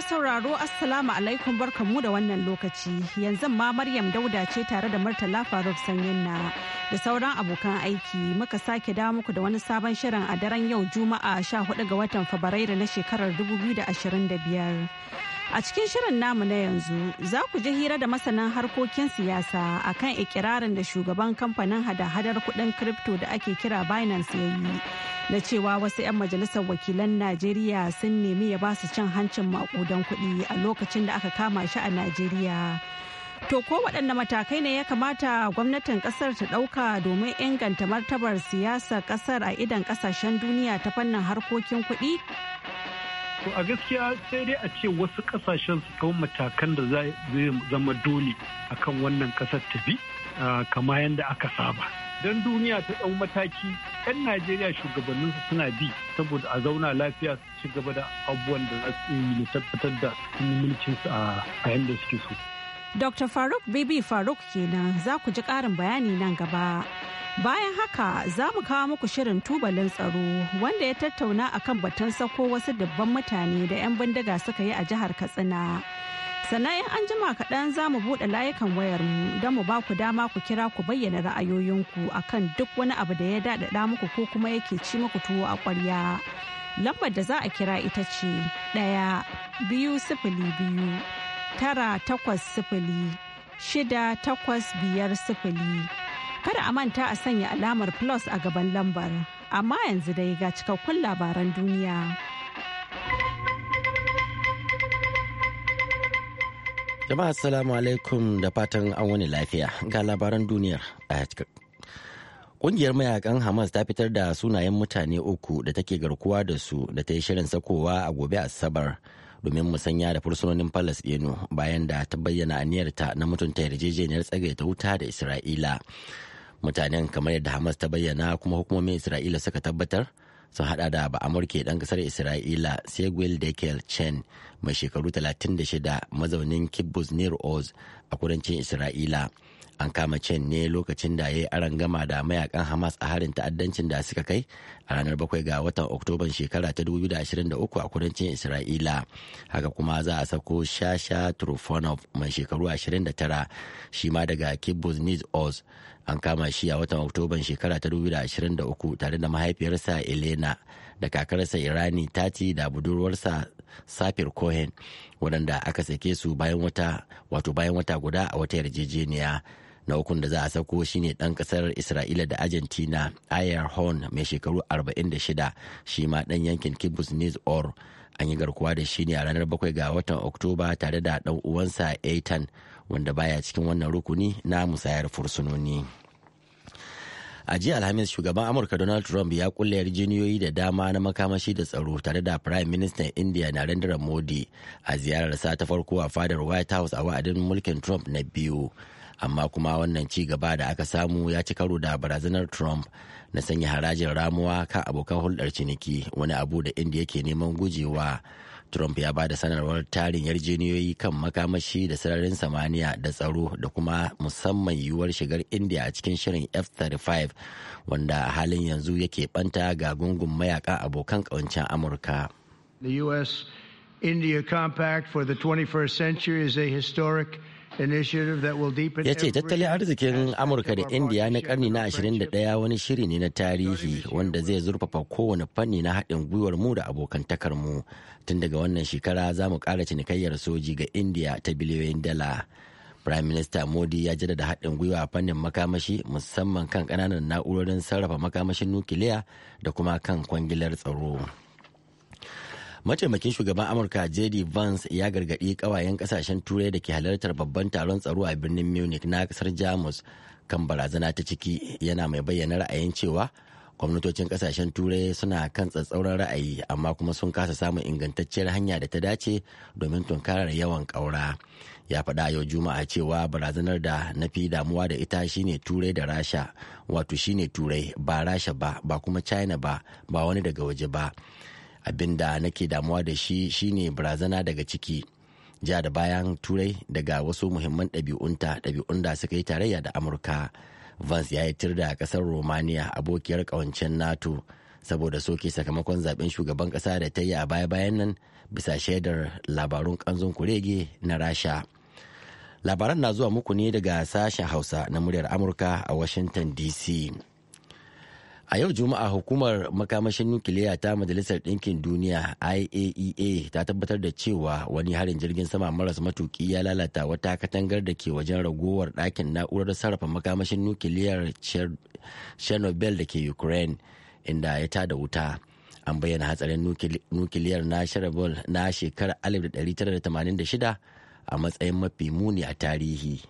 sauraro Assalamu alaikum barkamu da wannan lokaci yanzu ma Maryam Dauda ce tare da Murtala Faruk Sanyin na da sauran abokan aiki muka sake dawo muku da wani sabon shirin a daren yau Juma'a 14 ga watan Fabrairu na shekarar 2025. A cikin shirin namu na yanzu za ku ji hira da masanan harkokin siyasa akan ikirarin da shugaban kamfanin hada-hadar kudin kripto da ake kira Binance ya yi na cewa wasu 'yan majalisar wakilan najeriya sun nemi ya basu cin hancin makudan kuɗi a lokacin da aka kama shi a najeriya to ko waɗanne matakai ne ya kamata gwamnatin ƙasar ta ɗauka domin inganta martabar siyasar ƙasar a idan ƙasashen duniya ta fannin harkokin kuɗi to a gaskiya sai dai a ce wasu ƙasashen su kawo matakan da zai zama dole akan wannan ƙasar ta bi ah, kama yadda aka saba don duniya ta ɗau mataki 'yan najeriya shugabannin su suna bi saboda a zauna lafiya su ci gaba da abubuwan da za su yi tabbatar da mulkin su a yadda suke so. Dr. Faruk Bibi Faruk kenan za ku ji ƙarin bayani nan gaba. Bayan haka za mu kawo muku shirin tubalin tsaro wanda ya tattauna akan batun sako wasu dubban mutane da 'yan bindiga suka yi a jihar Katsina. Sannan in an jima kaɗan za mu buɗe layukan wayarmu don mu ba ku dama ku kira ku bayyana ra'ayoyinku akan duk wani abu da ya daɗaɗa muku ko kuma yake ci muku tuwo a ƙwarya. Lambar da za a kira ita ce ɗaya biyu sifili biyu tara takwas sifili shida takwas biyar sifili. Kada a manta a sanya alamar plus a gaban lambar. Amma yanzu dai ga cikakkun labaran duniya. Jama'a assalamu alaikum da fatan an wani lafiya ga labaran duniyar a Ƙungiyar mayakan Hamas ta fitar da sunayen mutane uku da take garkuwa da su da ta yi shirin sakowa a gobe Asabar domin musanya da fursunonin Falasɗinu bayan da ta bayyana aniyarta na mutunta yarjejeniyar ta wuta da Isra'ila. Mutanen kamar yadda Hamas ta bayyana kuma hukumomin Isra'ila suka tabbatar sun hada da ba amurke ɗan ƙasar Isra'ila Seguel Dekel Chen mai shekaru 36 mazaunin kibbutz near oz a kudancin isra'ila an kama chen ne lokacin da ya yi arangama da mayakan hamas a harin ta'addancin da suka kai a ranar 7 ga watan oktoban shekara ta 2023 a kudancin isra'ila haka kuma za a sako shasha trufanov mai shekaru 29 shi ma daga kibbutz near oz an kama shi a watan oktoban shekara ta 2023 tare da mahaifiyarsa elena da kakarsa irani tati da budurwarsa safir cohen waɗanda aka sake su bayan wata wato bayan wata guda a wata yarjejeniya na ukun da za a sako shine ɗan ƙasar isra'ila da argentina ayer horn mai shekaru 46 shi ma ɗan yankin kibbutz nez or an yi garkuwa da shi ne a ranar 7 ga watan oktoba tare da ɗan uwansa eitan wanda baya cikin wannan rukuni na musayar fursunoni. a jiya alhamis shugaban amurka donald trump ya kulle yarjejeniyoyi da dama na makamashi da tsaro tare da prime minister india narendra modi a ziyarar sa ta farko a fadar white house a wa'adin mulkin trump na biyu amma kuma wannan ci gaba da aka samu ya ci karo da barazanar trump na sanya harajin ramuwa kan abokan hulɗar ciniki wani abu da india ke neman gujewa Trump ya ba da sanarwar tarin yarjejeniyoyi kan makamashi da sararin samaniya da tsaro da kuma musamman yiwuwar shigar India a cikin shirin F-35 wanda a halin yanzu yake banta ga gungun mayaka abokan ƙawancen Amurka. The U.S. India Compact for the 21st century is a historic ya ce tattalin arzikin amurka da indiya na karni na 21 wani shiri ne na tarihi wanda zai zurfafa kowane fanni na haɗin gwiwar mu da abokantakar mu tun daga wannan shekara za mu ƙara cinikayyar soji ga indiya ta biliyoyin dala prime minister modi ya jaddada haɗin gwiwa a fannin makamashi musamman kan ƙananan na'urorin sarrafa makamashin nukiliya da kuma kan kwangilar tsaro. mataimakin shugaban amurka jd vance ya gargaɗi ƙawayen ƙasashen turai da ke halartar babban taron tsaro a birnin munich na ƙasar jamus kan barazana ta ciki yana mai bayyana ra'ayin cewa gwamnatocin ƙasashen turai suna kan tsatsauran ra'ayi amma kuma sun kasa samun ingantacciyar hanya da ta dace domin tunkarar yawan ƙaura ya faɗa yau juma'a cewa barazanar da na fi damuwa da ita shine turai da rasha wato shine turai ba rasha ba ba kuma china ba ba wani daga waje ba abin da nake damuwa da shi shine barazana daga ciki ja da bayan turai daga wasu muhimman ɗabi'unta ɗabi'un da suka yi tarayya da amurka vance ya yi da ƙasar romania abokiyar ƙawancen nato saboda soke sakamakon zaben shugaban ƙasa da ta yi a baya-bayan nan bisa shaidar labarun ƙanzon kurege na rasha labaran na zuwa muku ne daga sashen hausa na muryar amurka a washington dc A yau Juma'a hukumar makamashin nukiliya ta Majalisar Ɗinkin Duniya IAEA e ta tabbatar da cewa wani harin jirgin sama maras matuki ya lalata wata katangar da ke wajen ragowar ɗakin na'urar sarrafa makamashin nukiliyar Chernobyl da ke Ukraine inda ya tada wuta. An bayyana hatsarin nukiliyar na Chernobyl na shekarar 1986 a matsayin mafi muni a tarihi.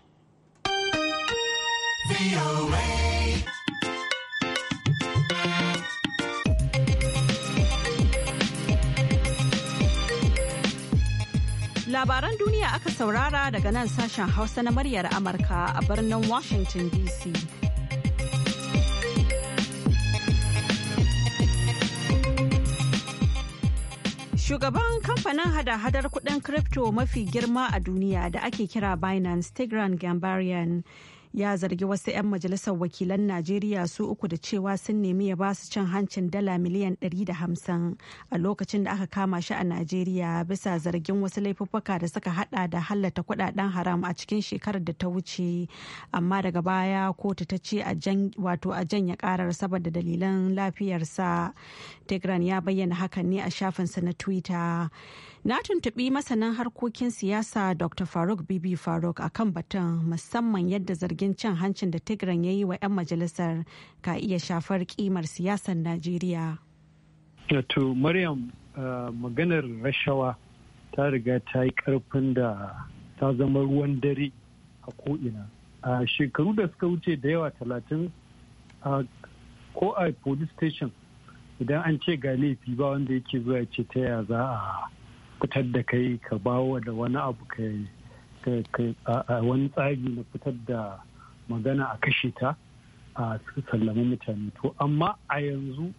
Labaran duniya aka saurara daga nan sashen Hausa na muryar Amurka a birnin Washington DC. Shugaban kamfanin hada-hadar kudin crypto mafi girma a duniya da ake kira Binance Tigran Gambarian ya zargi wasu 'yan majalisar wakilan najeriya su uku da cewa sun nemi ya ba su cin hancin dala miliyan 150 a lokacin da aka kama shi a najeriya bisa zargin wasu laifuffuka da suka hada da hallata kudaden haram a cikin shekarar da ta wuce amma daga baya kotu ta ce wato a janye karar saboda dalilan lafiyarsa tigran ya bayyana hakan ne a shafinsa na twitter Na tuntuɓi masanin harkokin siyasa Dr. Faruk Bibi Faruk a kan batun musamman yadda zargin cin hancin da Tigran ya yi wa 'yan majalisar ka iya shafar kimar siyasar Najeriya. Wato Maryam maganar rashawa ta riga ta yi karfin da ta zama ruwan dare a ko'ina. A shekaru da suka wuce da yawa talatin a ko a police station idan an ce ga laifi ba wanda yake zuwa ce ta yaya za a fitar da kai ka bawo da wani abu a wani tsari na fitar da magana a kashe ta a sallamin mutane to amma a yanzu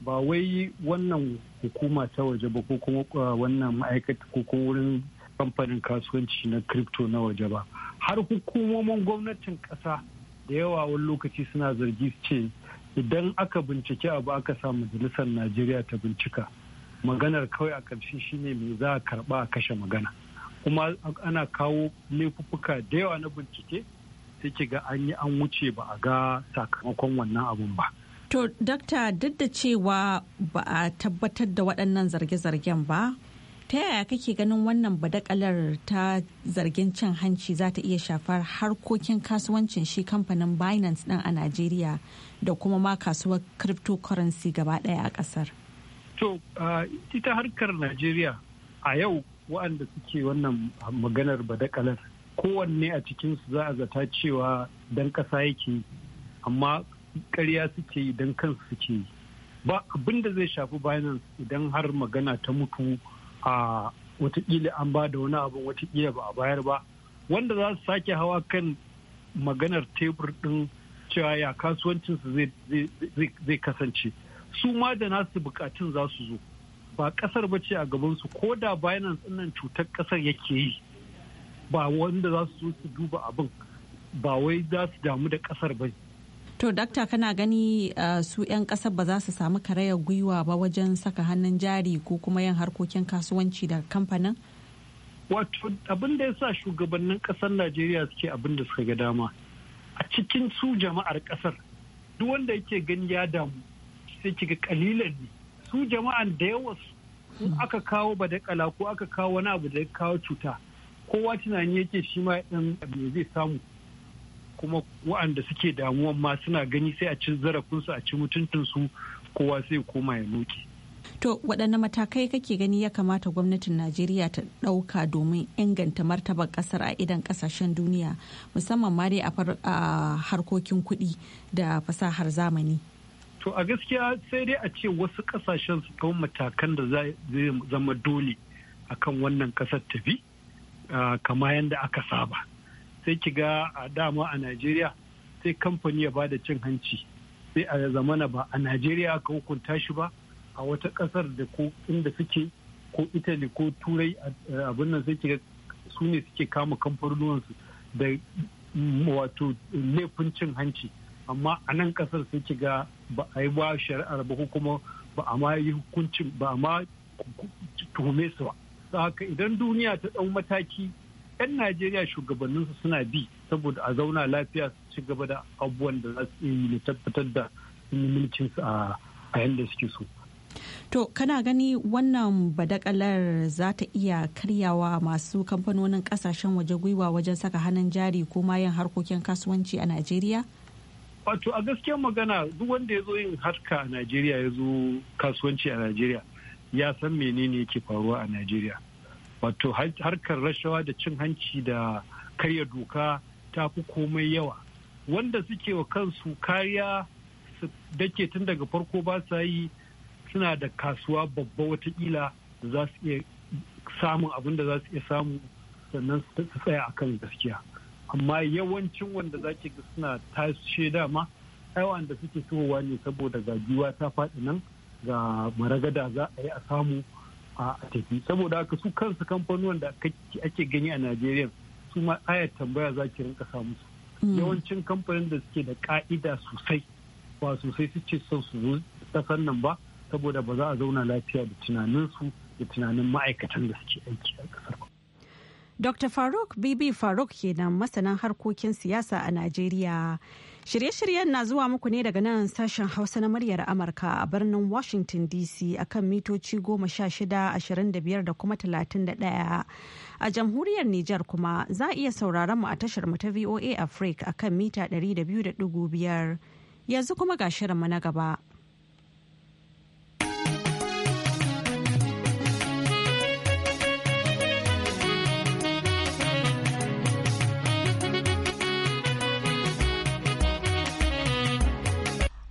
ba wai wannan hukuma ta waje ba ko kuma wannan ma'aikata ko kuma wurin kamfanin kasuwanci na crypto na waje ba har hukumomin gwamnatin ƙasa da yawa wani lokaci suna zargi ce idan aka bincike abu aka sa majalisar najeriya ta bincika maganar kawai a ƙarshe shine me za a karɓa a kashe magana kuma ana kawo laifuffuka da yawa na bincike sai ki ga an yi an wuce ba a ga sakamakon wannan abun ba to dakta duk da cewa ba a tabbatar da waɗannan zarge-zargen ba ta yaya kake ganin wannan badakalar ta zargin cin hanci za ta iya shafar harkokin kasuwancin shi kamfanin binance ɗin a najeriya da kuma ma kasuwar cryptocurrency gaba ɗaya a ƙasar To, ita harkar Najeriya a yau waɗanda suke wannan maganar badakalar kowanne a cikinsu za a zata cewa dan ƙasa yake amma ƙarya suke yi don kansu suke yi. Ba abinda zai shafi Binance idan har magana ta mutu a watakila an ba da wani abin watakila ba a bayar ba wanda za su sake hawa kan maganar tebur ɗin cewa ya kasuwancinsu zai kasance. su ma da nasu bukatun za su zo ba kasar ba ce a gabansu ko da binance nan cutar kasar yake yi ba wanda za su zo su duba abin ba wai za su damu da kasar ba to dakta kana gani uh, su 'yan kasar ba za su samu karayar gwiwa ba wajen saka hannun jari ko kuma yin harkokin kasuwanci da kamfanin wato abin da ya sa shugabannin kasar najeriya suke abin da suka ga dama a cikin su jama'ar kasar duk wanda yake gani ya damu sai kika kalilan ne su jama'an da yawa su aka kawo kala ko aka kawo wani abu da ya kawo cuta kowa tunani yake shi ma ɗan me zai samu kuma wa'anda suke damuwan ma suna gani sai a ci zarafinsu a ci mutuntunsu kowa sai koma ya noke. To waɗanne matakai kake gani ya kamata gwamnatin Najeriya ta ɗauka domin inganta martabar ƙasar a idan ƙasashen duniya musamman ma dai a harkokin kuɗi da fasahar zamani? to a gaskiya sai dai a ce wasu kasashen su kawo matakan da zai zama dole a kan wannan kasar tafi kama yadda aka saba sai ki ga a dama a najeriya sai kamfani ya bada cin hanci sai a zamana ba a najeriya aka hukunta shi ba a wata kasar da ko inda suke ko italy ko turai abin nan sai ki ga su ne suke kama kamfanoninsu da wato laifin cin hanci amma a nan kasar sai ci ga ba a yi ba shari'ar ba kuma ba a ma yi hukuncin ba a ma tuhume su ba haka idan duniya ta ɗau mataki 'yan najeriya shugabanninsu suna bi saboda a zauna lafiya su ci gaba da abubuwan da za su yi na tabbatar da su a yadda suke so To kana gani wannan badakalar za ta iya karyawa masu kamfanonin kasashen waje gwiwa wajen saka hannun jari ko ma yin harkokin kasuwanci a Najeriya? wato a gaskiyar magana duk wanda ya zo yin harka a najeriya ya zo kasuwanci a najeriya ya san menene yake faruwa a najeriya wato harkar rashawa da cin hanci da karya doka ta fi komai yawa wanda suke wa kansu kariya su dake tun daga farko ba sa yi suna da kasuwa babba watakila za su iya samun abin da za su iya samu sannan su tsaya akan gaskiya amma yawancin wanda zaki ga suna tashe dama ai da suke towa ne saboda ga giwa ta faɗi nan ga maragada za a yi a samu a tafi saboda haka su kansu kamfanuwan da ake gani a najeriya su ma aya tambaya za ki rinka samu su mm. yawancin kamfanin da suke da ka'ida sosai ba sosai suke son su zo kasan nan ba saboda ba za a zauna lafiya da tunaninsu da tunanin ma'aikatan da suke aiki a kasar Dr. Faruk Bibi Faruk kenan masanin harkokin siyasa a Najeriya. Shirye-shiryen na zuwa muku ne daga nan sashen Hausa na muryar Amurka a birnin Washington DC akan mitoci goma sha shida ashirin da biyar da kuma talatin da ɗaya. A jamhuriyar Nijar kuma za a iya sauraron mu a tashar mu ta VOA Africa akan mita ɗari biyu da biyar. Yanzu kuma ga mu na gaba.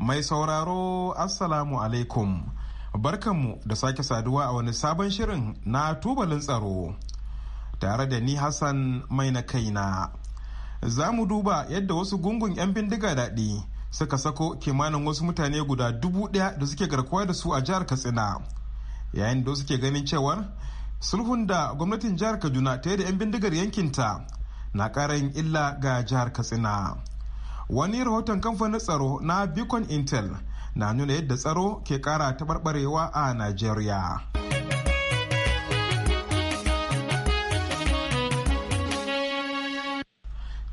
Mai sauraro Assalamu alaikum. Barkanmu da sake saduwa a wani sabon shirin na tubalin tsaro. Tare da ni Hassan mai na kaina. Za mu duba yadda wasu gungun 'yan bindiga daɗi suka sako kimanin wasu mutane guda dubu ɗaya da suke garkuwa da su a jihar Katsina. Yayin da suke ganin cewar sulhun da gwamnatin jihar Kaduna ta yi da 'yan bindigar yankinta na ƙarin illa ga jihar Katsina. wani rahoton kamfanin tsaro na beacon intel na nuna yadda tsaro ke kara taɓarɓarewa a nigeria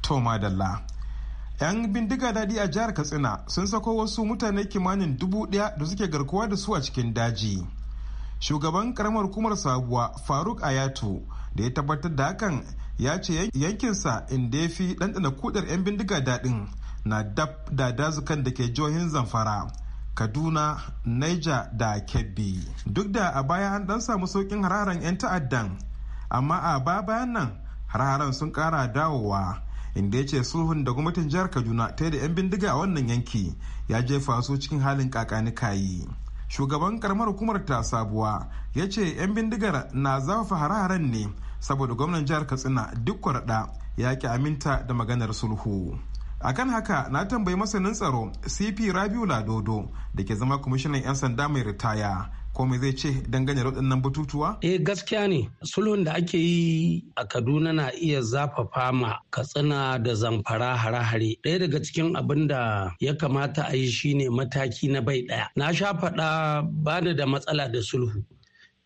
toma dalla 'yan bindiga daɗi a jihar katsina sun sako wasu mutane kimanin dubu ɗaya da suke garkuwa da su a cikin daji shugaban karamar hukumar sabuwa faruk ayatu da ya tabbatar da hakan ya ce yankinsa inda ya fi ɗanɗana kudar 'yan bindiga daɗin na da dazukan da ke johin zamfara kaduna niger da kebbi duk da a baya an dan samu saukin hararen 'yan ta'addan amma a ba bayan nan hararen sun kara dawowa inda ya ce sulhun da gwamnatin jihar kaduna ta da 'yan bindiga a wannan yanki ya jefa su cikin halin kakani kayi shugaban karamar hukumar ta sabuwa ya ce 'yan bindigar na zafafa hararen ne saboda gwamnan jihar katsina duk kwarɗa ya ki aminta da maganar sulhu akan haka na tambayi masanin tsaro cp rabiu ladodo da ke zama kwamishinan 'yan sanda mai ritaya ko komai zai ce dangane da waɗannan batutuwa? Eh gaskiya ne sulhun da ake yi a Kaduna na iya zafa fama, katsina da zamfara hare-hare. Ɗaya daga cikin abin da ya kamata a yi shine mataki na bai ɗaya. Na sha faɗa ba da matsala da sulhu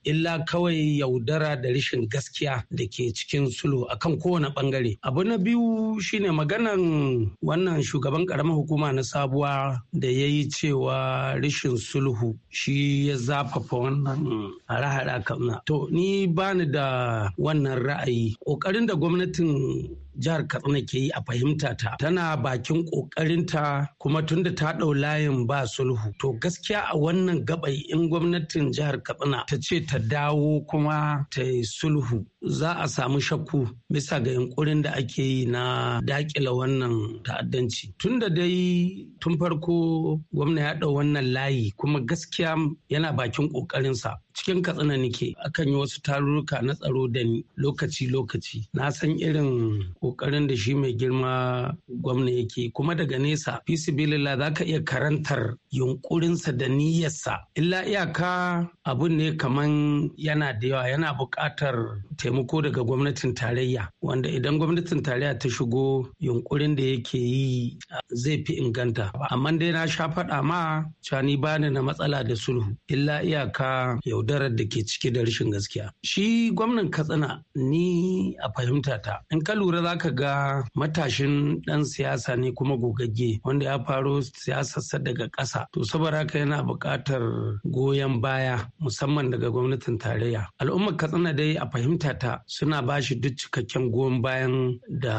illa kawai yaudara da rashin gaskiya da ke cikin sulhu kan kowane bangare abu na biyu shine maganan wannan shugaban karamar hukuma na sabuwa da ya yi cewa rashin sulhu shi ya zafafa wannan hare-hare to ni bani da wannan ra'ayi ƙoƙarin da gwamnatin jihar katsina ke yi a fahimta ta tana bakin ƙoƙarinta kuma tunda ta ɗau layin ba sulhu to gaskiya a wannan gabai in gwamnatin jihar katsina ta ce ta dawo kuma ta yi sulhu za a samu shakku bisa ga yunkurin da ake yi na dakila wannan ta'addanci tun da dai tun farko gwamna ya ɗau wannan layi kuma gaskiya yana bakin ƙoƙarinsa cikin katsina nike akan yi wasu tarurruka na tsaro da ni lokaci-lokaci na san irin ƙoƙarin da shi mai girma gwamna yake kuma daga nesa fisibilila za ka iya karantar yunkurinsa da niyyarsa illa iyaka abun ne kaman yana da yawa yana buƙatar taimako daga gwamnatin tarayya wanda idan gwamnatin tarayya ta shigo yunkurin da yake yi zai fi inganta amma dai na sha faɗa ma cani bani na matsala da sulhu illa iyaka yaudarar da ke ciki da rashin gaskiya shi gwamnan katsina ni a fahimta ta in ka lura za ka ga matashin ɗan siyasa ne kuma gogagge wanda ya faro siyasarsa daga ƙasa to saboda haka yana buƙatar goyon baya musamman daga gwamnatin tarayya al'ummar katsina dai a fahimta ta suna ba shi duk cikakken goyon bayan da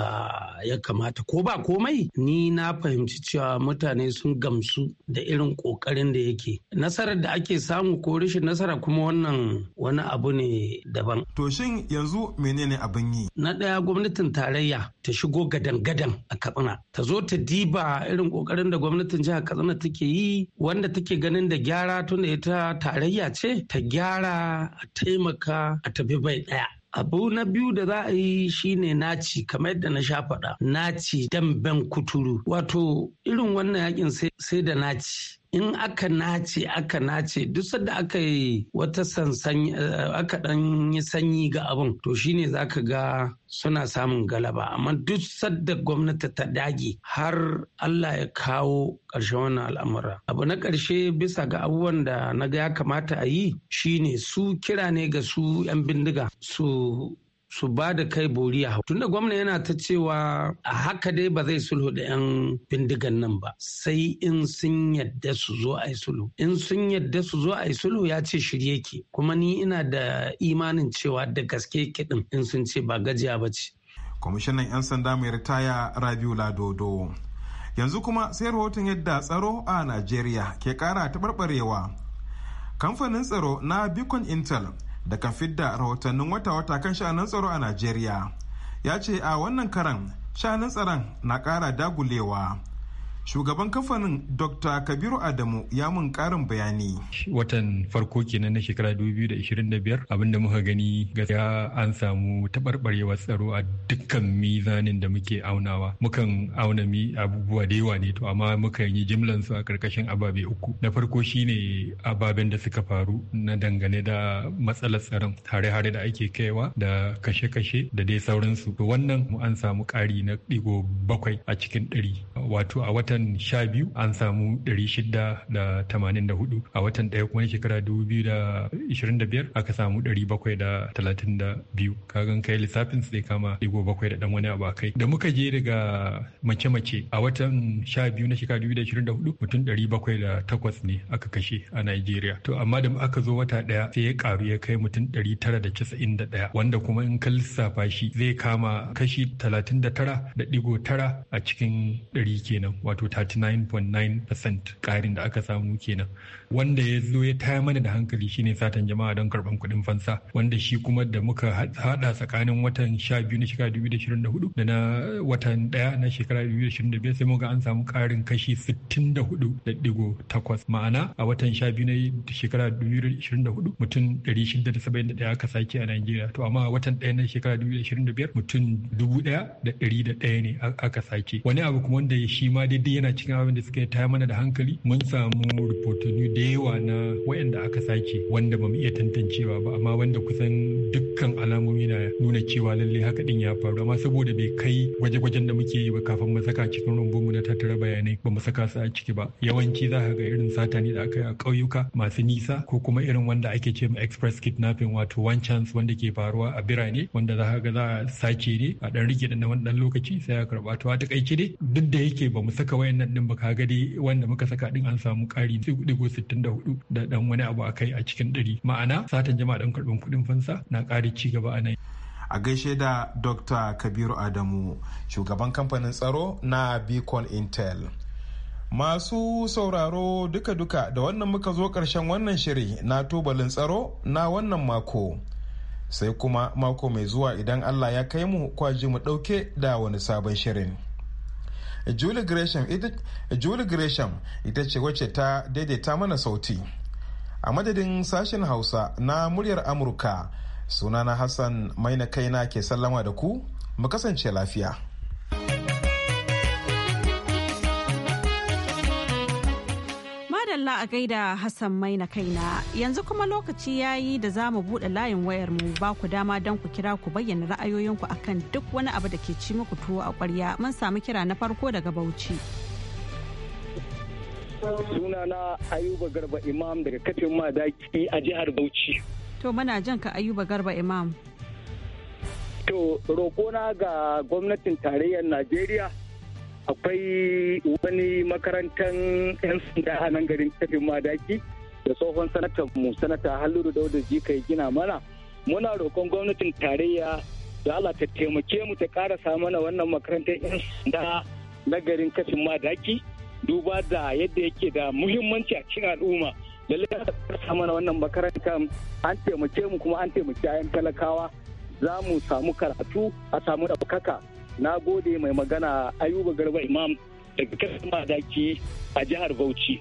ya kamata ko ba komai ni na fahimci cewa mutane sun gamsu da irin kokarin da yake nasarar da ake samu ko rashin nasara kuma wannan wani abu ne daban to shin yanzu menene abin yi na ɗaya gwamnatin tarayya ta shigo gadan-gadan a katsina ta zo ta diba irin kokarin da gwamnatin jihar katsina take yi wanda take ganin da gyara tunda ita tarayya ce ta gyara a taimaka a tafi bai ɗaya abu na biyu da za a yi shine naci kamar yadda na sha faɗa naci damben kuturu wato irin wannan yakin sai da naci in aka nace aka nace duk sanda aka yi wata sansan eh, aka dan yi sanyi ga abin to shine zaka ga suna samun galaba amma duk sadda gwamnati ta dage har Allah ya kawo ƙarshen wannan al'amura abu na ƙarshe bisa ga abubuwan da na ga ya kamata a yi shine su kira ne ga su 'yan bindiga su su ba da kai boriya hau. Tunda gwamna yana ta cewa a haka dai ba zai sulhu da 'yan bindigan nan ba sai in sun yadda su zo a yi sulhu. In sun yadda su zo a yi sulhu ya ce shirye ke kuma ni ina da imanin cewa da gaske kiɗin in sun ce ba gajiya ba ce. Kwamishinan 'yan sanda mai ritaya Rabiu Ladodo. Yanzu kuma sai rahoton yadda tsaro a Najeriya ke kara taɓarɓarewa. Kamfanin tsaro na Beacon Intel da ka fidda rahotannin wata-wata kan sha'anin tsaro a najeriya ya ce a wannan karan sha'anin tsaron na ƙara dagulewa shugaban kamfanin dr kabiru adamu ya mun karin bayani watan farko kenan na shekara 2025 abinda muka gani gaskiya an samu taɓarɓarewar tsaro a dukkan mizanin da muke aunawa mukan auna mi abubuwa da yawa ne to amma muka yi jimlan su a karkashin ababe uku na farko shine ababen da suka faru na dangane da matsalar tsaron hare-hare da ake kaiwa da kashe-kashe da dai sauransu to wannan an samu kari na ɗigo bakwai a cikin ɗari wato a watan watan sha biyu an samu ɗari shida da tamanin da hudu a watan ɗaya kuma shekara dubu biyu da ishirin da biyar aka samu ɗari bakwai da talatin da biyu kagan kai lissafin zai kama ɗigo bakwai da ɗan wani abu a kai da muka je daga mace-mace a watan sha biyu na shekara dubu da ishirin da hudu mutum ɗari bakwai da takwas ne aka kashe a Najeriya to amma da aka zo wata ɗaya sai ya karu ya kai mutum ɗari tara da casa'in da ɗaya wanda kuma in ka lissafa shi zai kama kashi talatin da tara da ɗigo tara a cikin ɗari kenan wato 39.9% ƙarin da aka samu kenan wanda ya zo ya taya mana da hankali shine satan jama'a don karban kuɗin fansa wanda shi kuma da muka hada tsakanin watan sha biyu na shekara dubu da shirin da hudu da na watan daya na shekara dubu da shirin da biyar sai muka an samu karin kashi sittin da hudu da digo takwas ma'ana a watan sha biyu na shekara dubu da shirin da hudu mutum ɗari shida da saba'in da ɗaya aka sake a Najeriya to amma a watan daya na shekara dubu da shirin da biyar mutum dubu ɗaya da ɗari da ɗaya ne aka sake wani abu kuma wanda shi ma daidai yana cikin abin da suka taya mana da hankali mun samu rubutu da yawa na wayanda aka sake wanda ba mu iya tantancewa ba amma wanda kusan dukkan alamomi na nuna cewa lalle haka din ya faru amma saboda bai kai gwaje-gwajen da muke yi ba kafin mu saka cikin rumbun mu na tattara bayanai ba mu saka su a ciki ba yawanci za ka ga irin sata ne da aka yi a ƙauyuka masu nisa ko kuma irin wanda ake ce ma express kidnapping wato one chance wanda ke faruwa a birane wanda za ka ga za a sace ne a ɗan rike na wani dan lokaci sai a karba to a takaice dai duk da yake ba mu saka wayannan din ba ka ga dai wanda muka saka din an samu ƙari 64 da dan wani abu a kai a cikin ɗari ma'ana satan jama'a dan karɓar kuɗin fansa na ƙari ci gaba a nan a gaishe da dr kabiru adamu shugaban kamfanin tsaro na beacon intel masu sauraro duka-duka da wannan muka zo ƙarshen wannan shiri na tubalin tsaro na wannan mako sai kuma mako mai zuwa idan allah ya kai mu kwaji mu ɗauke da wani sabon shirin. julie gresham ita ce wacce ta daidaita mana sauti a madadin sashen hausa na muryar amurka sunana hassan maina kaina ke sallama da ku mu kasance lafiya Allah a gaida Hassan Maina kaina yanzu kuma lokaci ya yi da za mu buɗe layin wayar mu ba ku dama don ku kira ku bayyana ra'ayoyinku akan duk wani abu da ke ci muku tuwo a ƙwarya mun samu kira na farko daga Bauchi. Sunana Ayuba Garba Imam daga kafin madaki a jihar Bauchi. To muna jan ka Ayuba Garba Imam. To roƙona ga gwamnatin tarayyar Najeriya akwai wani makarantar 'yan sanda a nan garin tafin madaki da tsohon sanatar mu sanata halluru dauda jika ya gina mana muna roƙon gwamnatin tarayya da Allah ta taimake mu ta karasa mana wannan makarantar 'yan sanda na garin kafin madaki duba da yadda yake da muhimmanci a cikin al'umma lallai ta karasa mana wannan makarantar an taimake mu kuma an taimaki 'ya'yan talakawa za mu samu karatu a samu ɗaukaka na gode mai magana ayuba garba imam daga kasar madaki a jihar bauchi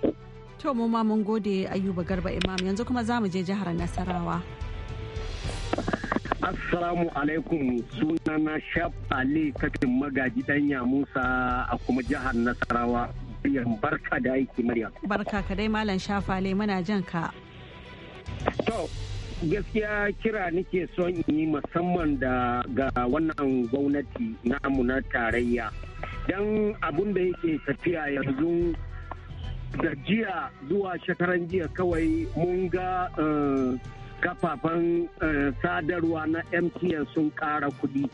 to mu ma mun gode ayuba garba imam yanzu kuma za mu je jihar nasarawa assalamu alaikum sunana shaf ali kafin magaji danya musa a kuma jihar nasarawa Maryam barka da aiki Maryam. Barka ka dai Malam Shafale muna jan ka. To, gaskiya kira nake son yi musamman da ga wannan gwamnati namu na tarayya don abun da yake tafiya yanzu da jiya zuwa shekaran jiya kawai mun ga eh, kafafen eh, sadarwa na mtn sun kara kudi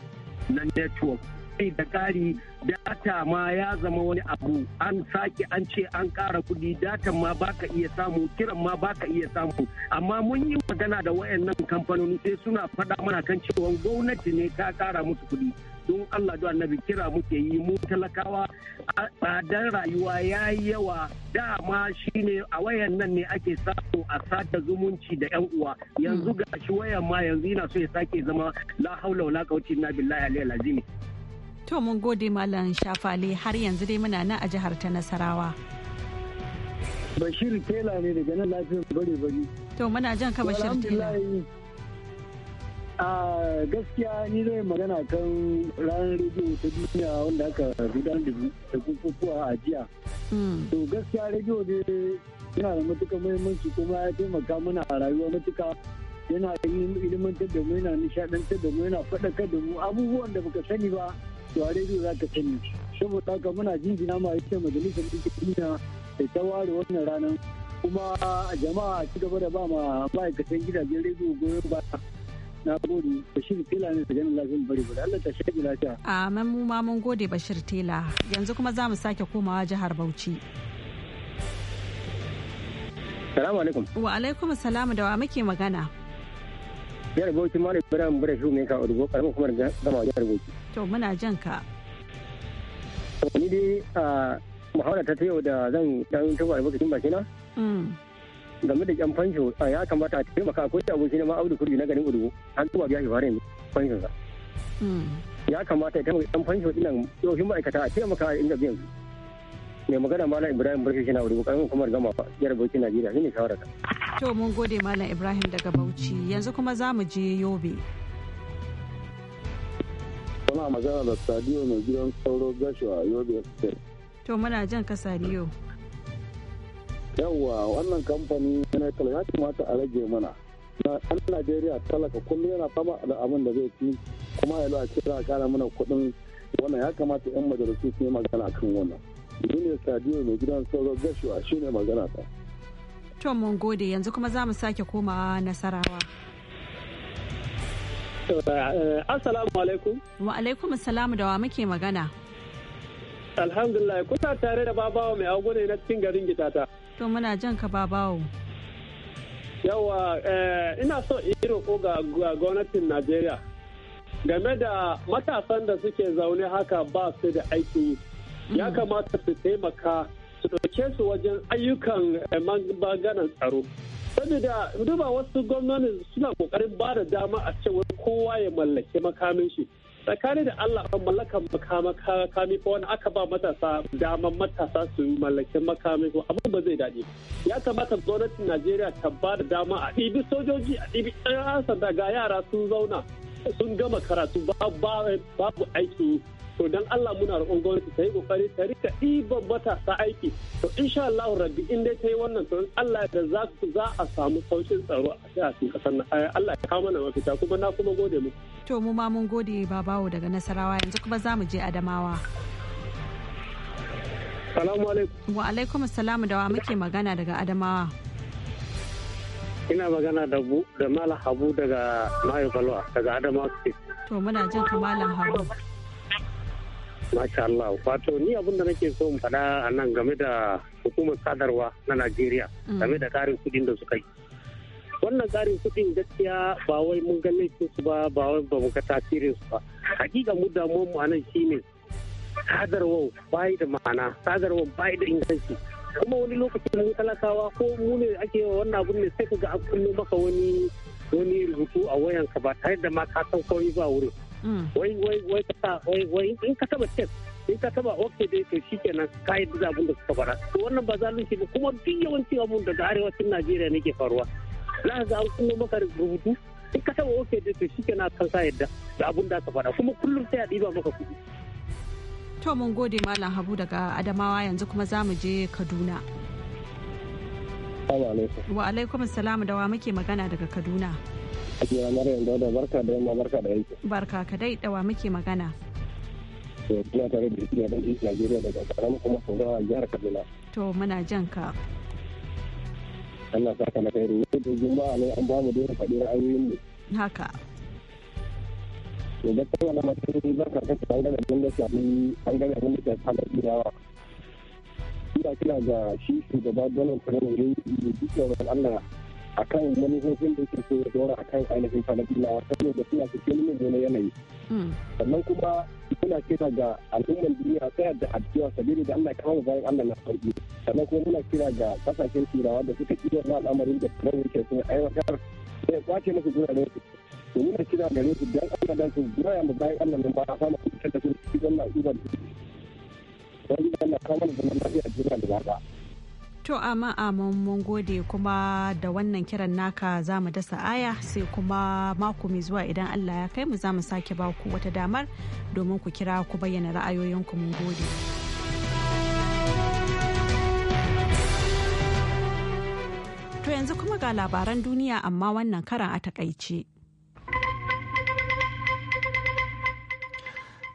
na network kai da kari data ma ya zama wani abu an sake an ce an kara kudi datan ma baka iya samu kiran ma baka iya samu amma mun yi magana da wayannan kamfanoni sai suna faɗa mana kan cewa gwamnati ne ta kara musu kudi don Allah da annabi kira muke yi mu talakawa tsadar rayuwa ya yi yawa dama shine a wayan ne ake samu a sata zumunci da yan uwa yanzu hmm. ga shi wayan ma yanzu yana so ya sake zama la haula wala quwwata illa billahi aliyyil azim To mun gode Malam Shafale har yanzu dai muna nan a jihar ta Nasarawa. Bashir Tela ne daga nan lafiyar bare bari. To muna jan ka Bashir Tela. A gaskiya ni zai magana kan ranar rediyo ta duniya wanda aka gudanar da kukukuwa a jiya. Hmm. To gaskiya rediyo ne yana da matuka muhimmanci kuma ya taimaka mana a rayuwa matuka yana ilimantar da mu yana nishadantar da mu yana faɗakar da mu abubuwan da baka sani ba to a rediyo za ka sani saboda haka muna jinjina ma ita majalisar ɗinkin duniya da ta ware wannan ranar kuma jama'a ci gaba da ba ma ma'aikatan gidajen rediyo goyon ba na gode bashir tela ne da ganin lafiyan bari bari Allah ta shaƙi lafiya a man mu ma mun gode bashir tela yanzu kuma za mu sake komawa jihar Bauchi Salamu alaikum. Wa alaikum salamu da wa muke magana. Jihar Bauchi da Ibrahim Bura Shume ka Urgo karamar kuma da gama jihar Bauchi. To muna jan ka. Ni dai a muhawara ta yau da zan dan tuba ba baki bakina? Mm. Game da yan fansho ya kamata a taimaka a shi aboki ma audu kurdi na ganin udugu an tuba biya shi fara yin fanshin sa. Mm. Ya kamata ya taimaka yan fansho dinan yaushin ma'aikata a taimaka a inda biyan su. Mai magana Malam Ibrahim Barke shi na udugu ƙarfin kuma gama jihar Bauchi Najeriya shi ne shawararsa. To mun gode Malam Ibrahim daga Bauchi yanzu kuma za mu je Yobe. kana magana da sadiyo mai gidan sauro a yobe state to muna jan ka sadiyo yawwa wannan kamfani na kala ya kamata a rage mana na ɗan najeriya talaka kullum yana fama da abin da zai ci kuma ya a kira kara mana kuɗin wannan ya kamata yan majalisu su yi magana kan wannan ni ne sadiyo mai gidan sauro gashuwa shine magana ta to mun gode yanzu kuma za mu sake komawa nasarawa Eh, assalamu alaikum. Wa alaikum da wa muke magana. Alhamdulillah kuna tare da babawa mai hagu ne na cikin garin gidata. To muna jan ka babawo. Yawa eh, ina so in yi roƙo ga gwamnatin Najeriya game da matasan da suke zaune haka ba su da aiki ya mm. kamata su taimaka su ɗauke su wajen ayyukan eh, maganan tsaro. saboda duba wasu gwamnoni suna kokarin ba da dama a wani kowa ya mallake makamin shi tsakani da Allah a mallakan makami ko wani aka ba matasa dama matasa su mallake makami ko abin ba zai daɗi ya kamata gwamnatin Najeriya ta ba da dama a ɗibi sojoji a ɗibi ɗan da ga yara sun zauna sun gama karatu babu aiki to dan Allah muna roƙon gwamnati ta yi kokari ta rika ɗiban matasa aiki to insha Allah rabbi in dai ta yi wannan to Allah da za su za a samu saukin tsaro a cikin kasar nan Allah ya kawo mana mafita kuma na kuma gode muku to mu ma mun gode babawo daga Nasarawa yanzu kuma za mu je Adamawa Salamu alaikum. Wa alaikum salam da wa muke magana daga Adamawa. ina magana da da malam habu daga mayo balwa daga adamawa to muna jin ka malam habu Masha Allah. Wato ni abin da nake so in faɗa a nan game da hukumar sadarwa na Najeriya mm. game da ƙarin kuɗin da suka yi. Wannan ƙarin kuɗin gaskiya ba wai mun ga laifin su ba ba wai ba mu ga tasirin su ba. Hakika mu damuwar mu a nan shine sadarwa bai da ma'ana sadarwa bai da inganci. kuma wani lokacin mu talakawa ko mu ne ake wannan abun ne sai ka ga an kullo maka wani wani rubutu a wayanka ba tare da ma ka san kawai ba wurin. Mm. wai wai wai kasa wai wai in ka taba test in ka taba ok dai to shikenan ka yi duk abin da suka fara to wannan ba zalunci ba kuma duk yawancin abun daga arewacin Najeriya ne ke faruwa za ka ga an kuma maka rubutu in ka taba ok dai to shikenan kan sa yadda da abun da aka fara kuma kullum sai a ɗiba maka kuɗi to mun gode malam Habu daga Adamawa yanzu kuma za mu je Kaduna Wa alaikum salamu da wa muke magana daga Kaduna. Hajiya Maryam Dauda barka da yamma barka da aiki. Barka ka dai dawa muke magana. To ina tare da Isiya dan Isiya Najeriya daga karamin kuma saurawa jihar Kaduna. To muna jan ka. Allah saka na kai ne da juma'a ne an ba mu dole faɗi ra'ayoyin mu. Haka. To gaskiya na matsayi ba ka kace bangaren abin da shafi bangaren abin da shafi halar iyawa. Ina kira ga shi shugaba Donald Trump ya yi dukkan Allah a akan manufofin da ke so ya dora kan ainihin falastinawa saboda suna cikin mummunan yanayi hmm. sannan kuma muna kira ga al'ummar duniya tsaya da addu'a sabili da Allah kawo bayan Allah na sauki sannan kuma muna kira ga kasashen turawa da suka kira na al'amarin da kuma yake sun aiwatar ya kwace musu gurare su muna kira gare su don Allah dan su zuwa mu bayan Allah na ba a samu kuɗin da su cikin wani da na zama da zaman lafiya jira da ba To a amin ah, mun gode kuma da wannan kiran naka za mu dasa aya sai kuma mako mai zuwa idan Allah ya kai mu za mu sake ba ku wata damar domin ku kira ku bayyana ra'ayoyinku mun gode. To yanzu kuma ga labaran duniya amma wannan karan a takaice.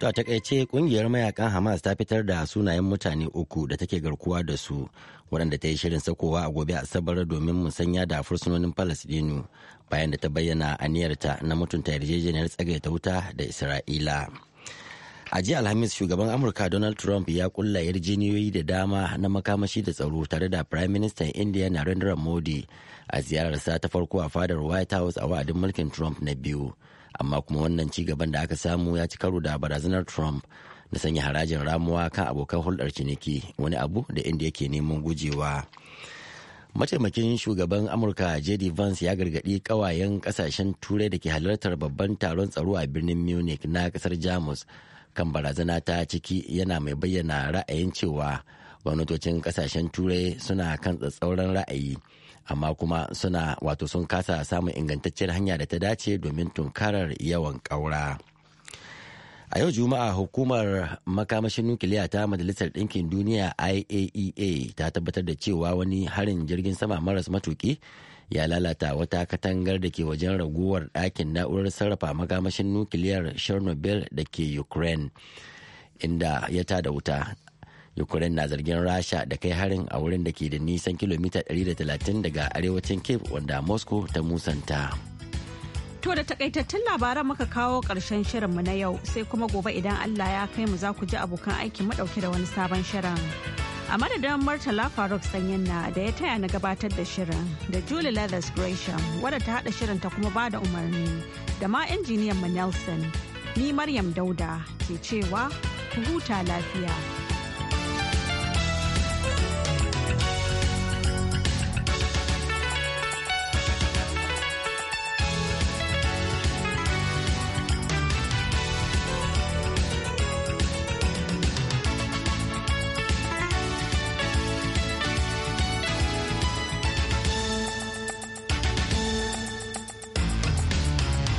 To a takaice kungiyar mayakan Hamas ta fitar da sunayen mutane uku da take garkuwa da su waɗanda ta yi shirin sakowa a gobe a Asabar domin musanya da fursunonin Falasɗinu bayan da ta bayyana aniyarta na mutunta yarjejeniyar tsagaita wuta da Isra'ila. A jiya Alhamis shugaban Amurka Donald Trump ya kulla yarjejeniyoyi da dama na makamashi da tsaro tare da Prime Minister India Narendra Modi a ziyararsa ta farko a fadar White House a wa'adin mulkin Trump na biyu. amma kuma wannan ci gaban da aka samu ya ci karo da barazanar trump na sanya harajin ramuwa kan abokan hulɗar ciniki wani abu da inda yake neman gujewa mataimakin shugaban amurka jd vance ya gargaɗi ƙawayen ƙasashen turai da ke halartar babban taron tsaro a birnin munich na ƙasar jamus kan barazana ta ciki yana mai bayyana ra'ayin cewa gwamnatocin ƙasashen turai suna kan tsatsauran ra'ayi amma kuma suna wato sun kasa samun ingantacciyar hanya da ta dace domin tunkarar yawan ƙaura. A yau Juma'a hukumar makamashin nukiliya ta Majalisar Ɗinkin Duniya IAEA e ta tabbatar da cewa wani harin jirgin sama maras matuki ya lalata wata katangar da ke wajen raguwar ɗakin na'urar sarrafa makamashin nukiliyar Chernobyl da ke Ukraine. Inda ya tada wuta ukraine na zargin rasha da kai harin a wurin da ke da nisan kilomita 130 daga arewacin cape wanda moscow ta musanta To da takaitattun labaran muka kawo ƙarshen mu na yau sai kuma gobe idan Allah ya kai mu za ku ji abokan aiki mu ɗauke da wani sabon shirin. A madadin Murtala Faruk Sanyin na da ya taya na gabatar da shirin da Julie Leathers Gresham wadda ta haɗa shirin ta kuma ba da umarni da ma injiniyan mu Nelson. Ni Maryam Dauda ke cewa ku huta lafiya.